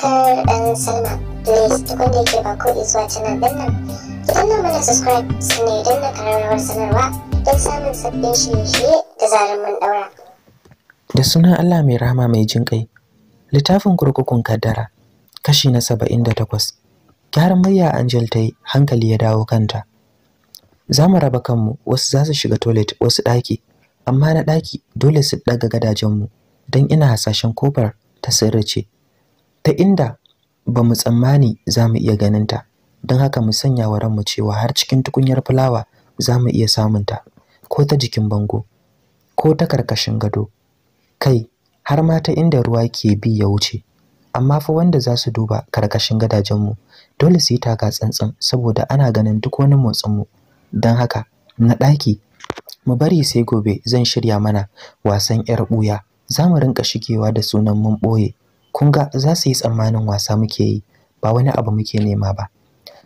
subscribe and sign up. Please tukun da yake ba ko zuwa canal din nan. Ki danna mana subscribe sannan idan na kararrawar sanarwa don samun sabbin shirye-shirye da zarar mun daura. Da sunan Allah mai rahama mai jin ƙai. Littafin kurkukun kaddara kashi na saba'in da takwas. Gyaran murya Angel ta yi hankali ya dawo kanta. Za mu raba kanmu wasu za su shiga toilet wasu ɗaki amma na ɗaki dole su ɗaga gadajenmu don ina hasashen kofar ta sirrace. ce. ta inda ba mu tsammani za mu iya ganinta don haka mu sanya wa ranmu cewa har cikin tukunyar fulawa za mu iya samunta ko ta jikin bango ko ta karkashin gado kai har ma ta inda ruwa ke bi ya wuce amma fa wanda za su duba karkashin gadajenmu dole su yi taka tsantsan saboda ana ganin duk wani motsinmu don haka na ɗaki mu bari sai gobe zan shirya mana wasan 'yar ɓuya za mu rinka shigewa da sunan mun ɓoye kun ga za su yi tsammanin wasa muke yi ba wani abu muke nema ba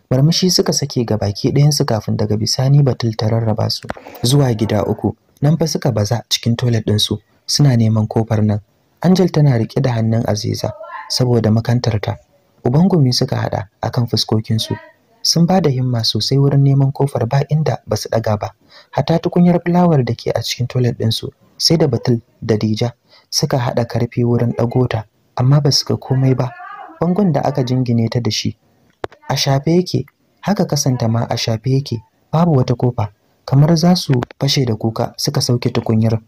marmashi suka sake ga baki ɗayansu kafin daga bisani batul ta rarraba su zuwa gida uku nan fa suka baza cikin toilet ɗinsu suna neman kofar nan Anjel tana riƙe da hannun aziza saboda makantarta ubangumi suka haɗa akan fuskokinsu sun ba da himma sosai wurin neman kofar ba inda ba su ɗaga ba Hata tukunyar fulawar da ke a cikin toilet ɗinsu sai da batul da dija suka haɗa karfi wurin ɗago ta amma ba su ga komai ba bangon da aka jingine ta da shi a shafe yake haka kasanta ma a shafe yake babu wata kofa kamar za su fashe da kuka suka sauke tukunyar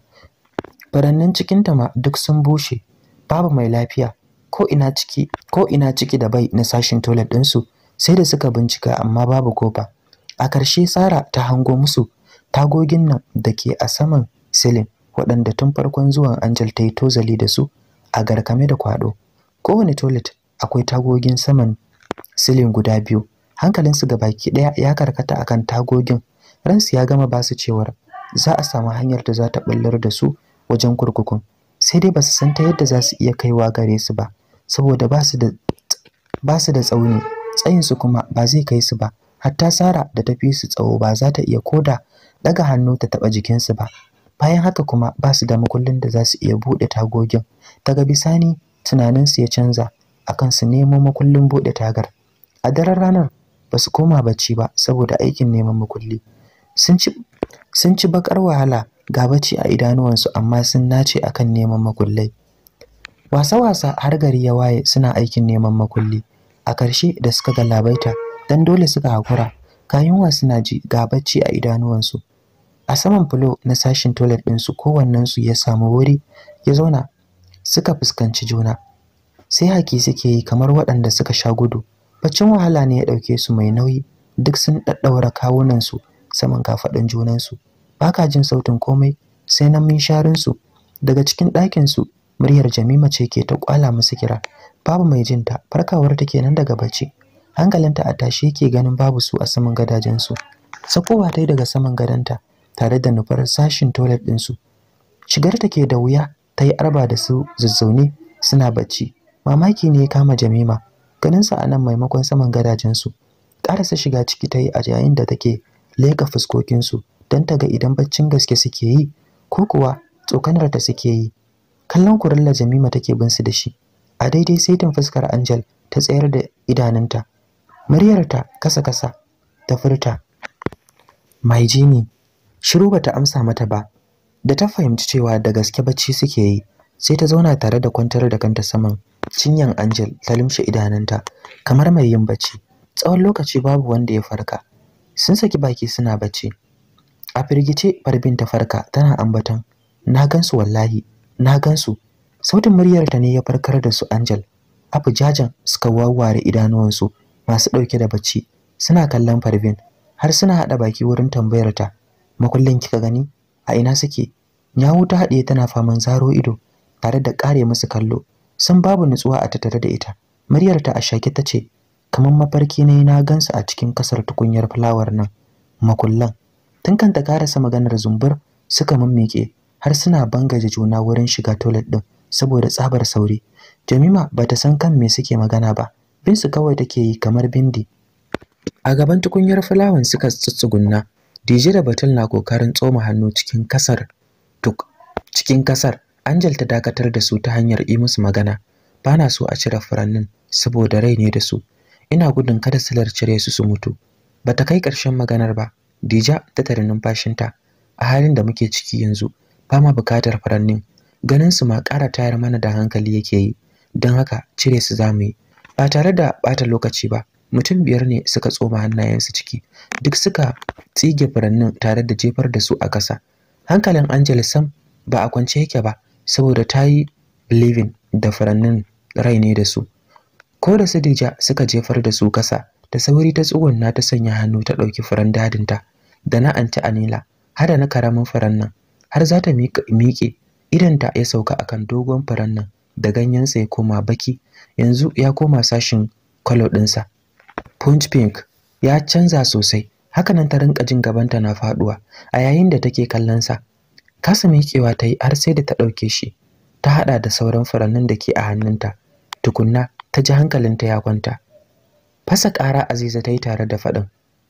farannin cikinta ma duk sun bushe babu mai lafiya ko ina ciki ko ina ciki da bai na sashin toilet ɗinsu sai da suka bincika amma babu kofa a ƙarshe sara ta hango musu tagogin nan da ke a saman silin waɗanda tun farkon zuwan angel ta yi tozali da su a garkame da kwado kowane toilet akwai tagogin saman silin guda biyu hankalinsu ga baki ɗaya ya karkata akan tagogin ransu ya gama basu cewar za a samu hanyar da za ta ɓullar da su wajen kurkukun sai dai basu san ta yadda za su iya kaiwa gare su ba saboda ba su da tsauni tsayinsu kuma ba zai kai su ba hatta sara da ta fi su tsawo ba za ta iya koda daga hannu ta taɓa jikinsu ba bayan haka kuma ba su da makullin da za su iya buɗe tagogin daga bisani tunaninsu ya canza akan su nemo makullin buɗe tagar a daren ranar ba su koma bacci ba saboda aikin neman makulli sun ci bakar wahala ga bacci a idanuwansu amma sun nace akan neman makullai wasa-wasa har gari ya waye suna aikin neman makulli a ƙarshe da suka ga labaita, don dole suka hakura kayan suna ji ga bacci a idanuwansu a saman fulo na sashin toilet ɗinsu kowannensu ya samu wuri ya zauna suka fuskanci juna sai haki suke yi kamar waɗanda suka sha gudu baccin wahala ne ya ɗauke su mai nauyi duk sun ɗaɗɗaura kawunansu saman kafaɗin junansu ba ka jin sautin komai sai na minsharinsu daga cikin ɗakinsu muryar jamima ce ke ta ƙwala musu kira babu mai jinta farkawar ta nan daga bacci hankalinta a tashi yake ganin babu su a saman gadajensu sakowa ta daga saman gadonta tare da nufar sashin toilet ɗinsu shigar ta ke da wuya ta yi arba da su zazzaune suna bacci mamaki ne ya kama jamima ganinsa a nan maimakon saman gadajensu ƙarasa shiga ciki ta yi a yayin da take leƙa fuskokinsu don ta ga idan baccin gaske suke yi ko kuwa tsokanar ta suke yi kallon kurilla jamima take bin su da shi a daidai saitin fuskar angel ta tsayar da idanunta muryarta kasa kasa ta furta mai jini shiru bata amsa mata ba da ta fahimci cewa da gaske bacci suke yi sai ta zauna tare da kwantar da kanta saman cinyan Angel ta limshe idananta kamar mai yin bacci tsawon lokaci babu wanda ya farka sun saki baki suna bacci a firgice farbin ta farka tana ambaton na gansu wallahi na gansu sautin muryar ta ne ya farkar da su Angel abu jajan suka wawware idanuwansu masu dauke da bacci suna kallon farbin har suna haɗa baki wurin tambayar ta makullin kika gani a ina suke Ya ta haɗiye tana faman zaro ido tare da ƙare musu kallo. San babu nutsuwa a tattare da ita. Muryar ta a shake ta ce, kamar mafarki ne na gansu a cikin kasar tukunyar fulawar nan. Makullan. Tun kan ta karasa maganar zumbur suka mummike, har suna bangaje juna wurin shiga toilet din saboda tsabar sauri. Jamima ba ta san kan me suke magana ba. Bin su kawai take yi kamar bindi. A gaban tukunyar fulawan suka tsutsugunna. Dije da Batul na kokarin tsoma hannu cikin kasar duk cikin kasar Angel ta dakatar da su ta hanyar yi musu magana bana so a cire furannin saboda rai ne da su ina gudun kada silar cire su su mutu Ba ta kai ƙarshen maganar ba Dija ta tare numfashinta a halin da muke ciki yanzu ba ma bukatar furannin ganin su ma ƙara tayar mana da hankali yake yi don haka cire su zamu yi ba tare da bata lokaci ba mutum biyar ne suka tsoma hannayensu ciki duk suka tsige furannin tare da jefar da su a ƙasa hankalin angel sam ba a kwance yake ba saboda ta yi believing da furannin rai ne da su ko da sadija suka jefar da su kasa da sauri ta tsugunna ta sanya hannu ta ɗauki furen dadinta da na anti anila hada na karamin furannin, nan har za ta miƙe idanta ya sauka akan dogon furannin, nan da sa ya koma baki yanzu ya koma sashin kwalo ɗinsa punch pink ya canza sosai hakanan ta rinka jin gabanta na faduwa a yayin da take kallon sa kasa miƙewa ta yi har sai da ta ɗauke shi ta haɗa da sauran furannin da ke a hannunta tukunna ta ji hankalinta ya kwanta fasa ƙara aziza ta yi tare da faɗin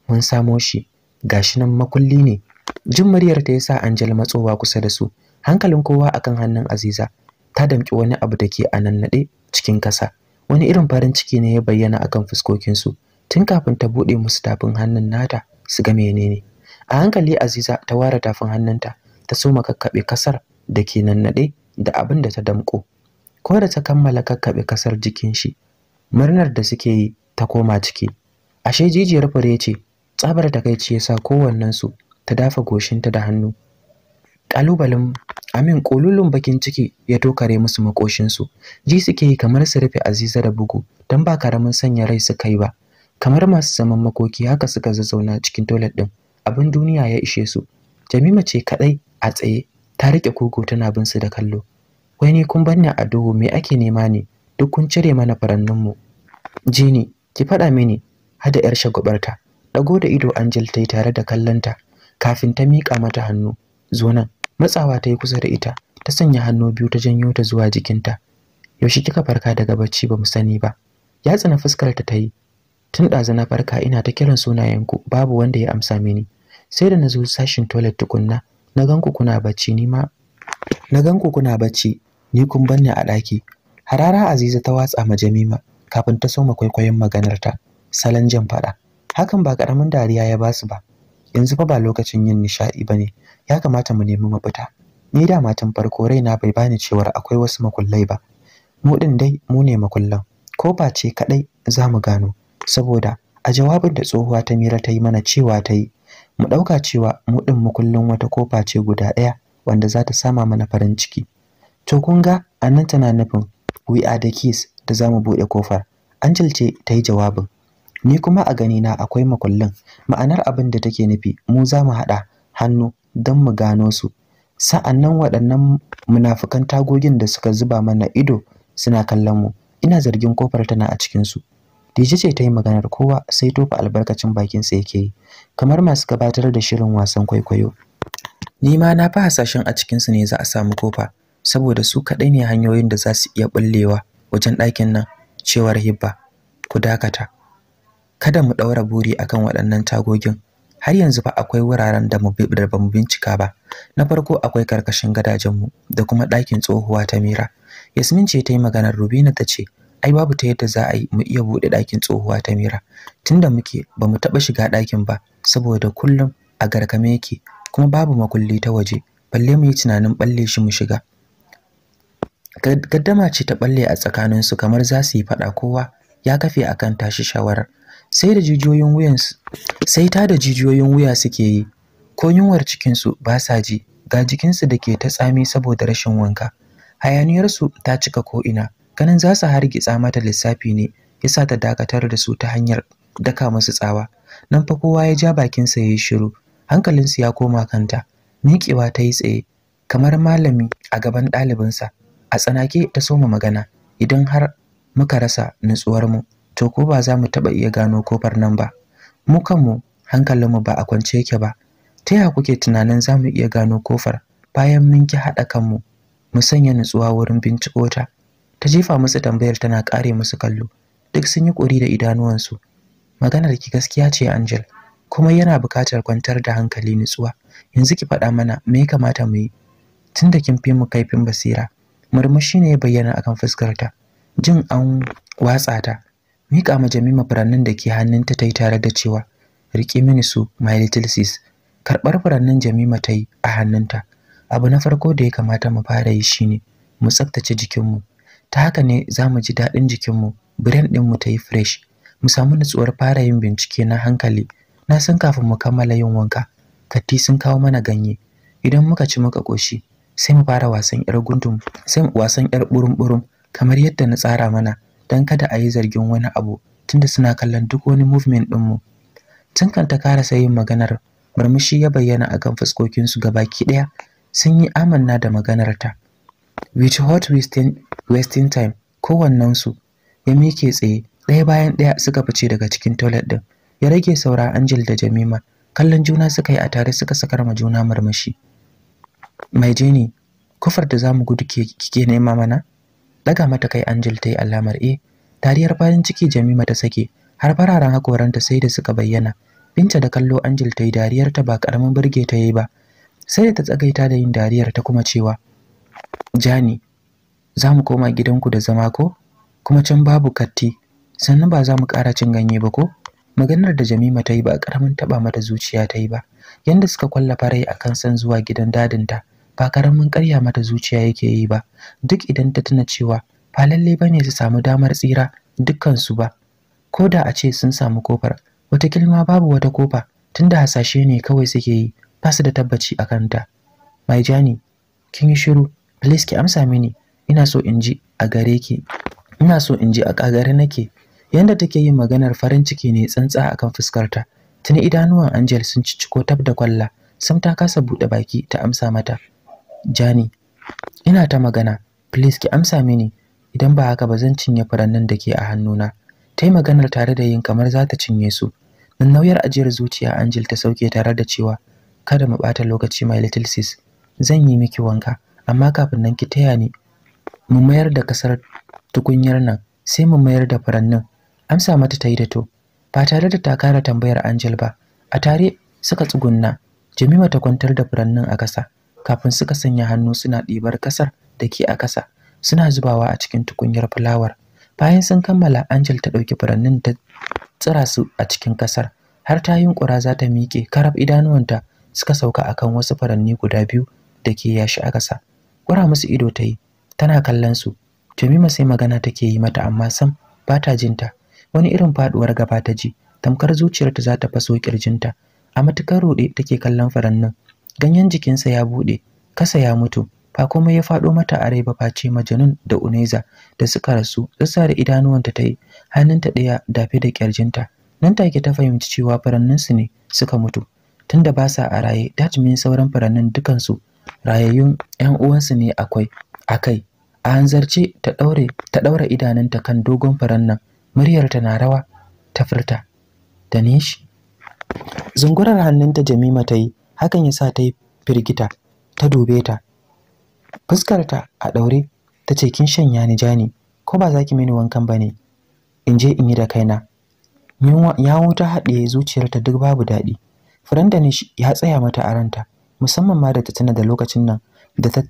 mun samo shi gashi nan makulli ne jin muryar ta yasa anjal matsowa kusa da su hankalin kowa akan hannun Aziza ta damki wani abu da ke a nannaɗe cikin ƙasa. wani irin farin ciki ne ya bayyana akan fuskokinsu. tun kafin ta buɗe musu tafin hannun nata su ga menene a hankali aziza ta ware tafin hannunta ta soma kakkaɓe kasar da ke nannaɗe da abin da ta damƙo ko da ta kammala kakkaɓe kasar jikin shi murnar da suke yi ta koma ciki ashe jijiyar fure ce tsabar takaici yasa kowannen su, ta dafa goshinta da hannu kalubalen amin kolulun bakin ciki ya tokare musu makoshinsu ji suke yi kamar su rufe aziza da bugu dan ba karamin sanya rai su kai ba kamar masu zaman makoki haka suka zazzauna cikin toilet din abin duniya ya ishe su jamima ce kadai a tsaye ta rike koko tana bin su da kallo wai ni kun bar ni a duhu me ake nema ne duk kun cire mana farannin mu jini ki faɗa mini hada yar shagubarta dago da ido angel tai tare da kallanta kafin ta mika mata hannu zo nan matsawa ta yi kusa da ita ta sanya hannu biyu ta janyo ta zuwa jikinta yaushe kika farka daga bacci ba mu sani ba ya tsina fuskar ta ta yi tun ɗazana na farka ina ta kiran sunayenku babu wanda ya amsa mini sai da na zo sashin toilet tukunna na ganku kuna bacci ni ma na ganku kuna bacci ni kun banni a ɗaki harara aziza ta watsa ma jamima kafin ta soma kwaikwayon maganarta salon jan faɗa hakan ba ƙaramin dariya ya basu ba yanzu fa ba lokacin yin nishaɗi ba ne ya kamata mu nemi mafita ni da matan farko raina bai bani cewar akwai wasu makullai ba mu ɗin dai mu ne makullan ko ba ce kaɗai za mu gano saboda a jawabin da tsohuwa ta mira ta yi mana cewa ta yi mu ɗauka cewa mu ɗin mu kullum wata kofa ce guda ɗaya wanda za ta sama mana farin ciki to kun ga a nan tana nufin we are the keys da za mu buɗe kofar angel ce ta yi jawabin ni kuma a ganina akwai makullin ma'anar abin da take nufi mu za mu haɗa hannu don mu gano su sa'annan waɗannan munafukan tagogin da suka zuba mana ido suna kallon mu ina zargin kofar tana a cikinsu Dije ce ta yi maganar kowa sai tofa albarkacin bakin sa yake yi, kamar masu gabatar da shirin wasan kwaikwayo. Ni ma na fi hasashen a cikinsu ne za a samu kofa, saboda su kaɗai ne hanyoyin da za su iya ɓullewa wajen ɗakin nan, cewar Hibba. Ku dakata. Kada mu ɗaura buri akan waɗannan tagogin. Har yanzu fa akwai wuraren da ba mu bincika ba. Na farko akwai karkashin mu da kuma ɗakin tsohuwa ta Mira. Yasmin ce ta yi maganar Rubina ta ce, ai babu ta yadda za a yi mu iya buɗe ɗakin tsohuwa ta mira tunda muke ba mu taɓa shiga ɗakin ba saboda kullum a garkame yake kuma babu makulli ta waje balle mu yi tunanin balle shi mu shiga gaddama ce ta balle a tsakanin su kamar za su yi faɗa kowa ya kafe akan tashi shawarar sai da jijiyoyin wuyan sai ta da jijiyoyin wuya suke yi ko yunwar cikinsu ba sa ji ga jikinsu da ke ta tsami saboda rashin wanka hayaniyarsu ta cika ko'ina ganin za su hargitsa mata lissafi ne ya sa ta dakatar da su ta hanyar daka musu tsawa nan fa kowa ya ja bakinsa ya yi shiru hankalinsu ya koma kanta miƙewa ta yi tsaye kamar malami a gaban ɗalibinsa a tsanake ta soma magana idan har muka rasa nutsuwarmu to ko ba za mu taɓa iya gano kofar nan ba mu kanmu hankalinmu ba a kwance yake ba ta yaya kuke tunanin za mu iya gano kofar bayan mun ki haɗa kanmu mu sanya nutsuwa wurin binciko ta ta jefa musu tambayar tana kare musu kallo duk sun yi kuri da idanuwansu maganar ki gaskiya ce Angel kuma yana buƙatar kwantar da hankali nutsuwa yanzu ki faɗa mana me ya kamata mu yi tunda kin fi mu kaifin basira murmushi ne ya bayyana akan fuskarta jin an watsa ta miƙa ma Jamima furannin da ke hannun ta yi tare da cewa riƙe mini su my little sis karɓar furannin Jamima ta yi a hannunta abu na farko da ya kamata mu fara yi shine mu tsaftace jikinmu ta haka ne za mu ji daɗin jikinmu brain ɗinmu ta yi fresh mu samu nutsuwar fara yin bincike na hankali na san kafin mu kammala yin wanka katti sun kawo mana ganye idan muka ci muka ƙoshi sai mu fara wasan yar gundum sai mu wasan yar burum-burum kamar yadda na tsara mana don kada a yi zargin wani abu tunda suna kallon duk wani movement ɗinmu tun kan ta karasa yin maganar murmushi ya bayyana a kan fuskokinsu gabaki ɗaya sun yi amanna da maganarta with hot wasting time kowannensu ya mike tsaye ɗaya bayan ɗaya suka fice daga cikin toilet din. ya rage saura Angel da Jamima kallon juna suka yi a tare suka sakar ma juna murmushi mai jini kofar da zamu gudu ke kike nema mana daga mata kai Angel ta yi alamar e eh. tariyar farin ciki Jamima ta sake har fararen hakoranta sai da suka bayyana binta da kallo Angel ta yi dariyar ta ba karamin burge ta yi ba sai da ta tsagaita da yin dariyar ta kuma cewa jani za mu koma gidanku da zama ko kuma can babu katti sannan ba za mu ƙara cin ganye ba ko maganar da jamima ta yi ba ƙaramin taɓa mata zuciya ta yi ba yanda suka kwallafa rai akan san zuwa gidan dadinta ba ƙaramin ƙarya mata zuciya yake yi ba duk idan ta tuna cewa ba lalle ba ne su samu damar tsira dukkansu ba ko da a ce sun samu kofar wata kilma babu wata kofa tunda hasashe ne kawai suke yi ba su da tabbaci a kanta mai jani kin yi shiru please ki amsa mini ina so in ji a gare ki ina so in ji a kagare nake yanda take yin maganar farin ciki ne tsantsa akan fuskarta tuni idanuwan Angel sun cicciko tab da kwalla sam ta kasa bude baki ta amsa mata Jani ina ta magana please ki amsa mini idan ba haka ba zan cinye furannin da ke a hannuna ta yi maganar tare da yin kamar za ta cinye su nan nauyar ajiyar zuciya Angel ta sauke tare da cewa kada mu ɓata lokaci my little sis zan yi miki wanka amma kafin nan ki taya ni mu mayar da kasar tukunyar nan sai mu mayar da furannin amsa mata ta yi da to ba tare da ta kara tambayar Angel ba a tare suka tsugunna Jamima ta kwantar da furannin a ƙasa. kafin suka sanya hannu suna ɗibar ƙasar da ke a ƙasa, suna zubawa a cikin tukunyar fulawar bayan sun kammala Angel ta ɗauki furannin ta tsira su a cikin ƙasar. har ta yunƙura za ta miƙe karab idanuwanta suka sauka akan wasu furanni guda biyu da ke yashi a ƙasa. Ƙura musu ido ta yi, tana kallon su. Jamima sai magana take yi mata amma sam ba ta jinta. Wani irin faɗuwar gaba ta ji, tamkar zuciyarta za ta faso kirjinta. A matukar ruɗe take kallon furannin. Ganyen jikinsa ya buɗe, kasa ya mutu. Ba komai ya faɗo mata a rai ba face Majanun da Uneza da suka rasu, tsatsa da idanuwanta ta yi, hannunta ɗaya dafe da kirjinta. Nan take ta fahimci cewa su ne suka mutu. Tunda ba sa a raye, that sauran furannin dukansu rayayyun 'yan uwansu ne akwai akai a hanzarce ta daure ta daura idanunta kan dogon faran nan muryarta na rawa ta furta da zungurar hannunta Jamima ta yi hakan yasa ta yi firgita ta dube ta fuskarta a daure ta ce kin shanya ni jani ko ba za ki mini wankan ba ne in je in yi da kaina yawo ta haɗiye zuciyarta duk babu daɗi Furan danish ya tsaya mata a ranta musamman ma da ta tuna da lokacin nan da ta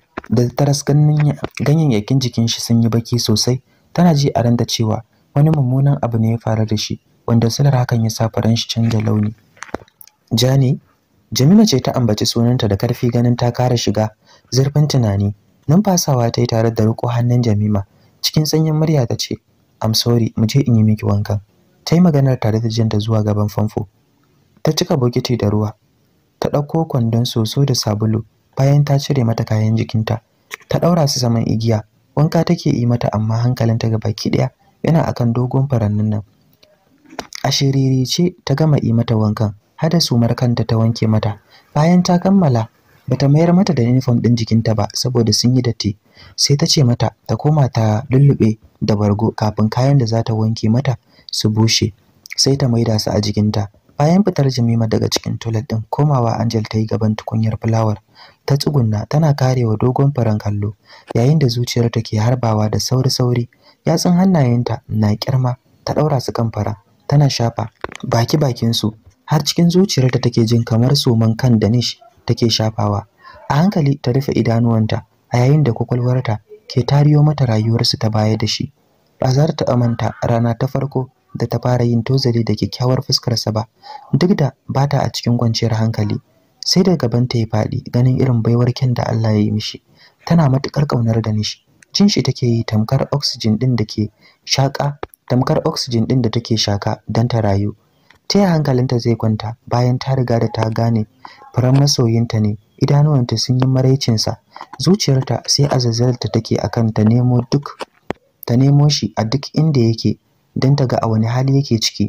taras ganyayyakin jikin shi sun yi baki sosai tana ji a ranta cewa wani mummunan abu ne ya faru da shi wanda sular hakan ya sa faran shi canja launi jani jamila ce ta ambaci sunanta da karfi ganin ta kara shiga zurfin tunani numfasawa ta yi tare da riko hannun jamima cikin sanyin murya ta ce Am sorry mu je in yi miki wankan ta yi maganar tare da jinta zuwa gaban famfo ta cika bokiti da ruwa ta ɗauko kwandon soso da sabulu bayan ta cire mata kayan jikinta ta ɗaura su saman igiya wanka take yi mata amma hankalinta ga baki ɗaya yana akan dogon farannin nan a ce ta gama yi mata wankan har da sumar kanta ta wanke mata bayan ta kammala bata mayar mata da uniform ɗin jikinta ba saboda sun yi datti sai ta ce mata ta koma ta lullube da bargo kafin kayan da za ta wanke mata su bushe sai ta maida su a jikinta Bayan fitar jamima daga cikin toilet ɗin, komawa Angel ta yi gaban tukunyar fulawar. Ta tsugunna tana karewa dogon faran kallo, yayin da zuciyarta ke harbawa da sauri-sauri. Yatsun hannayenta na kirma, ta ɗaura su kan fara, tana shafa baki-bakinsu har cikin zuciyar zuciyarta take jin kamar soman kan danish take shafawa. A hankali ta rufe idanuwanta a yayin da kwakwalwarta ke tariyo mata rayuwarsu ta baya da shi. Ba za ta manta rana ta farko da ta fara yin tozali da kyakkyawar fuskarsa ba duk da ba ta a cikin kwanciyar hankali sai da gaban ta ya faɗi ganin irin baiwar kyan da Allah ya yi mishi tana matukar ƙaunar da nishi jin shi take yi tamkar oxygen din da ke shaka tamkar oxygen din da take shaka don ta rayu ta hankalinta zai kwanta bayan ta riga da ta gane furen masoyinta ne idanuwanta sun yi maraicinsa zuciyarta sai a take akan ta nemo duk ta nemo shi a duk inda yake don ta ga a wani hali yake ciki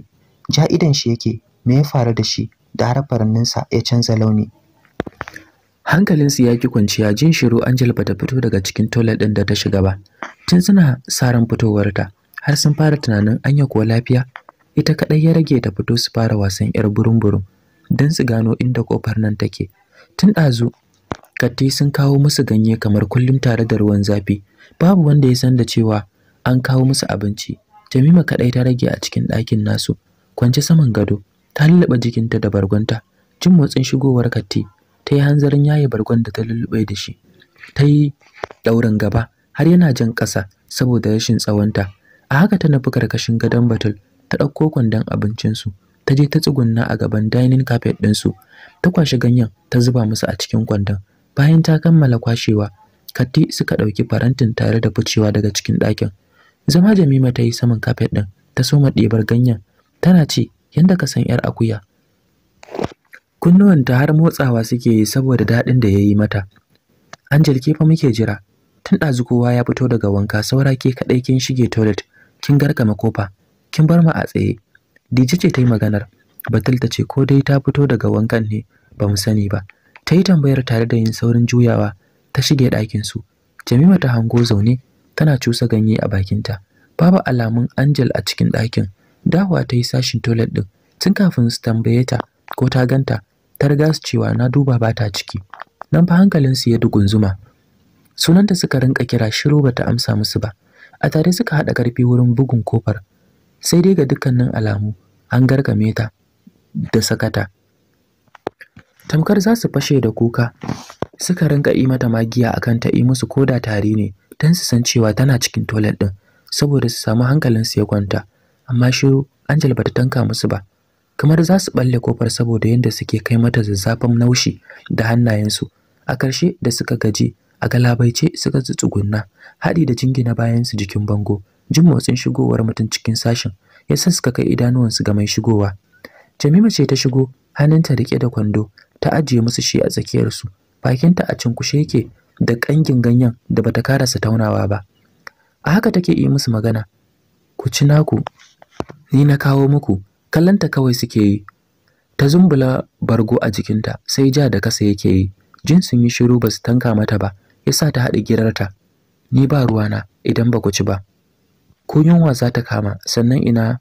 ja idan shi yake me ya faru da shi da har faranninsa ya canza launi hankalinsu ya ki kwanciya jin shiru angel bata fito daga cikin toilet ɗin da ta shiga ba tun suna saran fitowarta har sun fara tunanin anya kuwa lafiya ita kaɗai ya rage ta fito su fara wasan yar burum-burum don su gano inda kofar nan take tun ɗazu katti sun kawo musu ganye kamar kullum tare da ruwan zafi babu wanda ya san da cewa an kawo musu abinci Jamima kaɗai ta rage a cikin ɗakin nasu, kwance saman gado, ta lullube jikinta da bargonta. Jin motsin shigowar Katti, ta yi hanzarin yaye bargon da ta lulluɓe da shi. Ta yi ɗaurin gaba har yana jan ƙasa saboda rashin tsawonta. A haka ta nufi karkashin gadon batul, ta ɗauko kwandon abincinsu, ta je ta tsugunna a gaban dining carpet ɗinsu, ta kwashe ganyen ta zuba musu a cikin kwandon. Bayan ta kammala kwashewa, Katti suka ɗauki farantin tare da ficewa daga cikin ɗakin. zama jamima ta yi saman kafet ɗin ta soma ɗebar ganyen tana ce yanda ka san yar akuya kunnuwanta har motsawa suke yi saboda daɗin da ya yi mata angel ke fa muke jira tun ɗazu kowa ya fito daga wanka saura ke kaɗai kin shige toilet kin garkama kofa kin bar mu a tsaye dije ce ta yi maganar batul ta ce ko dai ta fito daga wankan ne ba mu sani ba ta yi tambayar tare da yin saurin juyawa ta shige ɗakin su jamima ta hango zaune tana cusa ganye a bakinta babu alamun Angel a cikin ɗakin. Dawa ta yi sashin toilet ɗin. Tun kafin su tambaye ta ko ta ganta, ta riga su cewa na duba ba ta ciki. Nan fa hankalinsu ya dugunzuma. Sunanta suka rinka kira shiru bata amsa musu ba. A tare suka haɗa ƙarfi wurin bugun kofar. Sai dai ga dukkanin alamu an gargame ta da sakata. Tamkar za su fashe da kuka. Suka rinka yi mata magiya akan ta yi musu koda tari ne don su san cewa tana cikin toilet ɗin. saboda su samu hankalin su ya kwanta amma shiru Angel bata tanka musu ba kamar za su balle kofar saboda yadda suke kai mata zazzafan naushi da hannayensu a ƙarshe da suka gaji a galabaice suka tsugunna haɗi da jingina bayansu jikin bango jin motsin shigowar mutum cikin sashin ya suka kai idanuwansu ga mai shigowa Jamima ce ta shigo hannunta riƙe da kwando ta ajiye musu shi a tsakiyarsu bakinta a cinkushe yake da ƙangin ganyen da bata karasa taunawa ba a haka take yi musu magana ku ci naku ni na kawo muku kallanta kawai suke yi ta zumbula bargo a jikinta sai ja da kasa yake yi jin sun yi shiru ba su tanka mata ba yasa ta haɗa girarta ni ba ruwa na, idan ba ku ci ba ko yunwa za ta kama sannan ina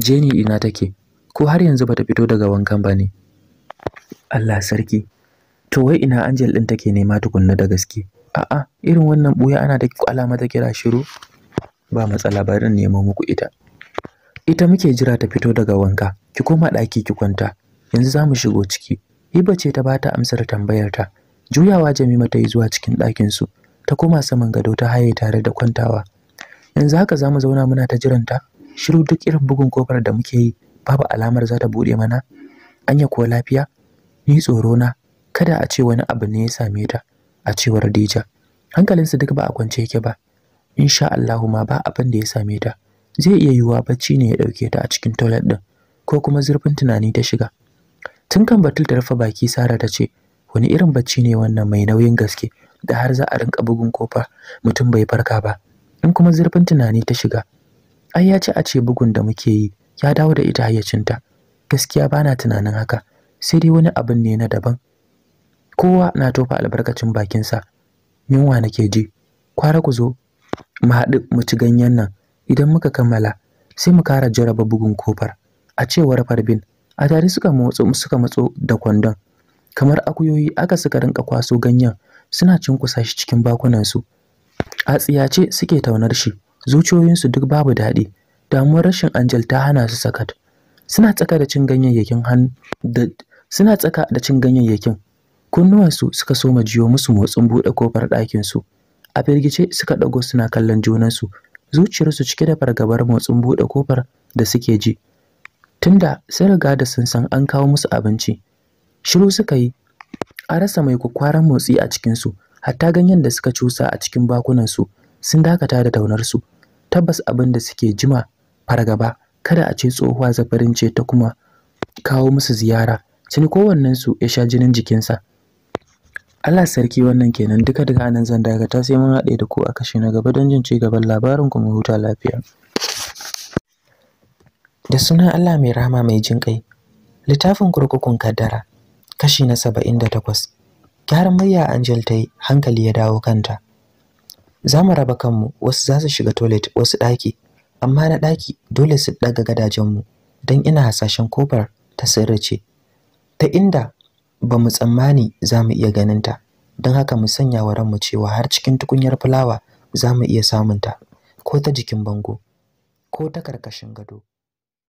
jeni ina take ko har yanzu bata fito daga wankan ba ne Allah sarki to wai ina angel ɗin take nema tukunna da gaske A'a, irin wannan ɓuya ana da alama ta kira shiru. Ba matsala ba in nemo muku ita. Ita muke jira ta fito daga wanka. Ki koma ɗaki ki kwanta. Yanzu za mu shigo ciki. Hiba ce ta bata amsar tambayar ta. Juyawa Jamima ta yi zuwa cikin ɗakin su. Ta koma saman gado ta haye tare da kwantawa. Yanzu haka za mu zauna muna ta jiranta. Shiru duk irin bugun kofar da muke yi babu alamar za ta buɗe mana. Anya kuwa lafiya? Ni tsoro na kada a ce wani abu ne ya same ta. a cewar Dija. Hankalinsa duk ba a kwance yake ba. Insha Allahu ma ba abin da ya same ta. Zai iya yiwuwa bacci ne ya dauke ta a cikin toilet din. ko kuma zurfin tunani ta shiga. Tun kan batul ta rufe baki Sara ta ce, wani irin bacci ne wannan mai nauyin gaske da har za a rinka bugun kofa mutum bai farka ba. In kuma zurfin tunani ta shiga. Ai ya ce a ce bugun da muke yi ya dawo da ita hayyacinta. Gaskiya bana tunanin haka. Sai dai wani abin ne na daban kowa na tofa albarkacin bakinsa yunwa nake ji kwara ku zo mu haɗu mu ci ganyen nan idan muka kammala sai mu kara jaraba bugun kofar a cewar farbin a tare suka motso suka matso da kwandon kamar akuyoyi aka suka rinka kwaso ganyen suna cinkusa shi cikin su. a tsiyace suke taunar shi zuciyoyinsu duk babu daɗi damuwar rashin anjal ta hana su sakat suna tsaka da cin ganyayyakin hannu da suna tsaka da cin ganyayyakin kunnuwansu suka soma jiyo musu motsin buɗe kofar ɗakinsu a firgice suka ɗago suna kallon junansu zuciyarsu cike da fargabar motsin buɗe kofar da suke ji tunda sun riga da sun san an kawo musu abinci shiru suka yi a rasa mai kwakwaran motsi a cikinsu hatta ganyen da suka cusa a cikin bakunansu sun dakata da taunarsu tabbas abin da suke jima fargaba kada a ce tsohuwa zafarin ce ta kuma kawo musu ziyara kowannen kowannensu ya sha jinin jikinsa Allah sarki wannan kenan duka duka nan zan dakata sai mun haɗe da ku a kashi na gaba don jin ci gaban labarin kuma huta lafiya. Da sunan Allah mai rama mai jin ƙai, littafin kurkukun kaddara, kashi na saba'in da takwas. Gyaran murya Angel ta yi hankali ya dawo kanta. Za mu raba kanmu wasu za su shiga toilet wasu ɗaki, amma na ɗaki dole su ɗaga gadajenmu don ina hasashen kofar ta sirrace, Ta inda ba mu tsammani za mu iya ganinta don haka mu sanya wa ranmu cewa har cikin tukunyar fulawa za mu iya samunta ko ta jikin bango ko ta karkashin gado